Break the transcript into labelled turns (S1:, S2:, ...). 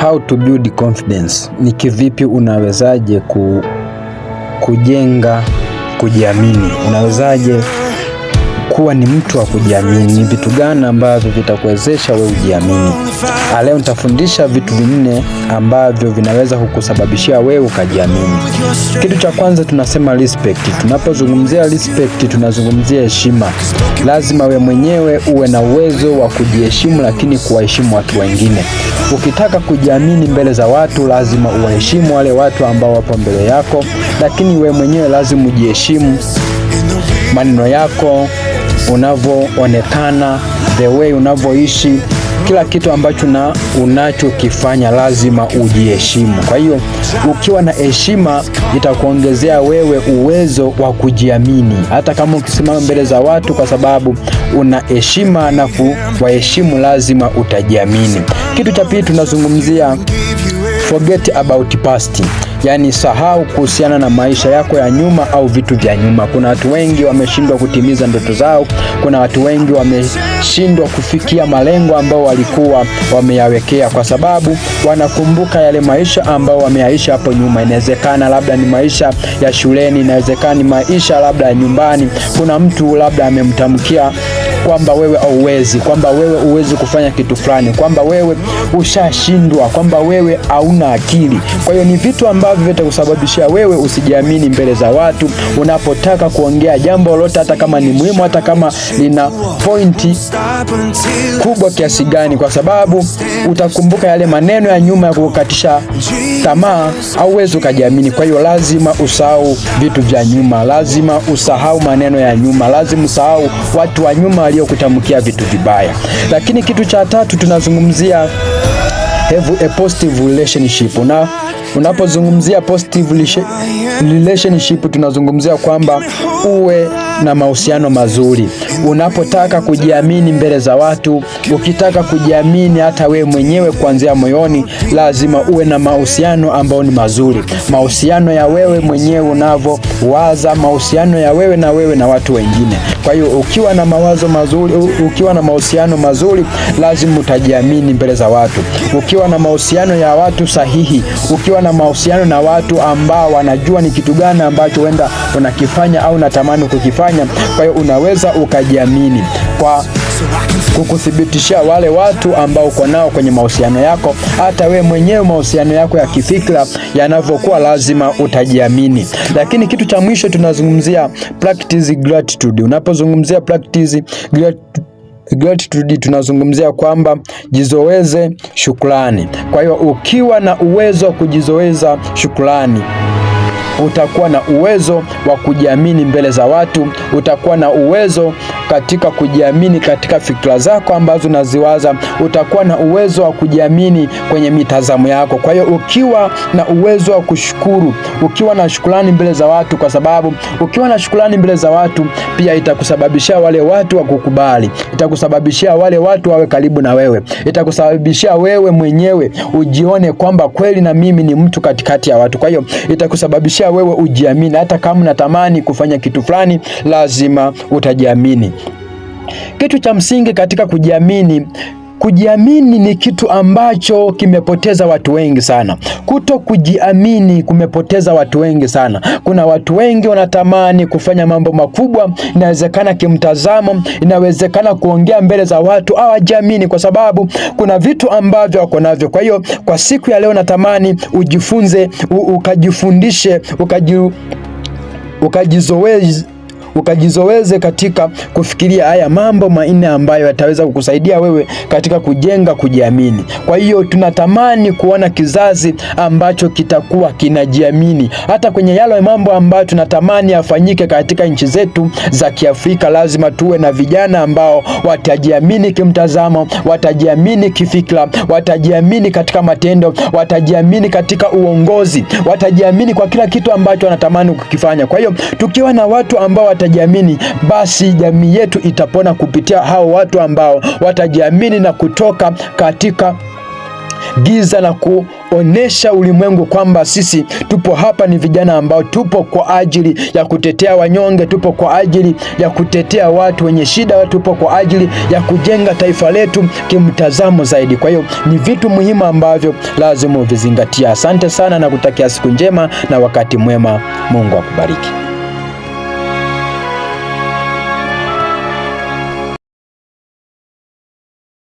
S1: How to build confidence, ni kivipi unawezaje ku, kujenga kujiamini, unawezaje kuwa ni mtu wa kujiamini. Ni vitu gani ambavyo vitakuwezesha wewe ujiamini? Ah, leo nitafundisha vitu vinne ambavyo vinaweza kukusababishia wewe ukajiamini. Kitu cha kwanza tunasema respect. Tunapozungumzia respect, tunazungumzia heshima. Lazima we mwenyewe uwe na uwezo wa kujiheshimu, lakini kuwaheshimu watu wengine. Ukitaka kujiamini mbele za watu, lazima uwaheshimu wale watu ambao wapo mbele yako, lakini we mwenyewe lazima ujiheshimu maneno yako unavyoonekana, the way unavyoishi, kila kitu ambacho na unachokifanya lazima ujiheshimu. Kwa hiyo ukiwa na heshima itakuongezea wewe uwezo wa kujiamini, hata kama ukisimama mbele za watu, kwa sababu una heshima na kuwaheshimu, lazima utajiamini. Kitu cha pili tunazungumzia forget about past. Yaani sahau kuhusiana na maisha yako ya nyuma au vitu vya nyuma. Kuna watu wengi wameshindwa kutimiza ndoto zao, kuna watu wengi wameshindwa kufikia malengo ambao walikuwa wameyawekea, kwa sababu wanakumbuka yale maisha ambao wameyaishi hapo nyuma. Inawezekana labda ni maisha ya shuleni, inawezekana ni maisha labda ya nyumbani. Kuna mtu labda amemtamkia kwamba wewe hauwezi, kwamba wewe huwezi kufanya kitu fulani, kwamba wewe ushashindwa, kwamba wewe hauna akili. Kwa hiyo ni vitu ambavyo vitakusababishia wewe usijiamini mbele za watu, unapotaka kuongea jambo lolote, hata kama ni muhimu, hata kama lina pointi kubwa kiasi gani, kwa sababu utakumbuka yale maneno ya nyuma ya kukatisha tamaa. Hauwezi ukajiamini. Kwa hiyo lazima usahau vitu vya nyuma, lazima usahau maneno ya nyuma, lazima usahau watu wa nyuma aliyokutamkia vitu vibaya. Lakini kitu cha tatu tunazungumzia have a positive relationship na unapozungumzia positive relationship tunazungumzia kwamba uwe na mahusiano mazuri. Unapotaka kujiamini mbele za watu, ukitaka kujiamini hata we mwenyewe kuanzia moyoni, lazima uwe na mahusiano ambayo ni mazuri, mahusiano ya wewe mwenyewe unavyowaza, mahusiano ya wewe na wewe na watu wengine. Kwa hiyo ukiwa na mawazo mazuri, ukiwa na mahusiano mazuri, lazima utajiamini mbele za watu. Ukiwa na mahusiano ya watu sahihi, ukiwa na mahusiano na watu ambao wanajua ni kitu gani ambacho wenda unakifanya au unatamani kukifanya, kwa hiyo unaweza ukajiamini kwa kukuthibitishia wale watu ambao uko nao kwenye mahusiano yako. Hata we mwenyewe mahusiano yako ya kifikra yanavyokuwa, lazima utajiamini. Lakini kitu cha mwisho tunazungumzia practice gratitude. Unapozungumzia practice gratitude Gratitude tunazungumzia kwamba jizoweze shukrani. Kwa hiyo ukiwa na uwezo wa kujizoweza shukrani utakuwa na uwezo wa kujiamini mbele za watu, utakuwa na uwezo katika kujiamini katika fikra zako ambazo unaziwaza, utakuwa na uwezo wa kujiamini kwenye mitazamo yako. Kwa hiyo ukiwa na uwezo wa kushukuru, ukiwa na shukrani mbele za watu, kwa sababu ukiwa na shukrani mbele za watu pia itakusababishia wale watu wa kukubali, itakusababishia wale watu wawe karibu na wewe, itakusababishia wewe mwenyewe ujione kwamba kweli na mimi ni mtu katikati ya watu. Kwa hiyo itakusababishia wewe ujiamini, hata kama unatamani kufanya kitu fulani, lazima utajiamini. Kitu cha msingi katika kujiamini Kujiamini ni kitu ambacho kimepoteza watu wengi sana. Kuto kujiamini kumepoteza watu wengi sana. Kuna watu wengi wanatamani kufanya mambo makubwa, inawezekana kimtazamo, inawezekana kuongea mbele za watu, hawajiamini kwa sababu kuna vitu ambavyo wako navyo. Kwa hiyo kwa siku ya leo natamani ujifunze, ukajifundishe, ukaji ukajizoeze ukajizoweze katika kufikiria haya mambo manne ambayo yataweza kukusaidia wewe katika kujenga kujiamini. Kwa hiyo tunatamani kuona kizazi ambacho kitakuwa kinajiamini. Hata kwenye yale mambo ambayo tunatamani yafanyike katika nchi zetu za Kiafrika, lazima tuwe na vijana ambao watajiamini kimtazamo, watajiamini kifikra, watajiamini katika matendo, watajiamini katika uongozi, watajiamini kwa kila kitu ambacho wanatamani kukifanya. Kwa hiyo tukiwa na watu ambao watajiamini, basi jamii yetu itapona kupitia hao watu ambao watajiamini na kutoka katika giza na kuonesha ulimwengu kwamba sisi tupo hapa, ni vijana ambao tupo kwa ajili ya kutetea wanyonge, tupo kwa ajili ya kutetea watu wenye shida, tupo kwa ajili ya kujenga taifa letu kimtazamo zaidi. Kwa hiyo ni vitu muhimu ambavyo lazima uvizingatia. Asante sana na kutakia siku njema na wakati mwema. Mungu akubariki.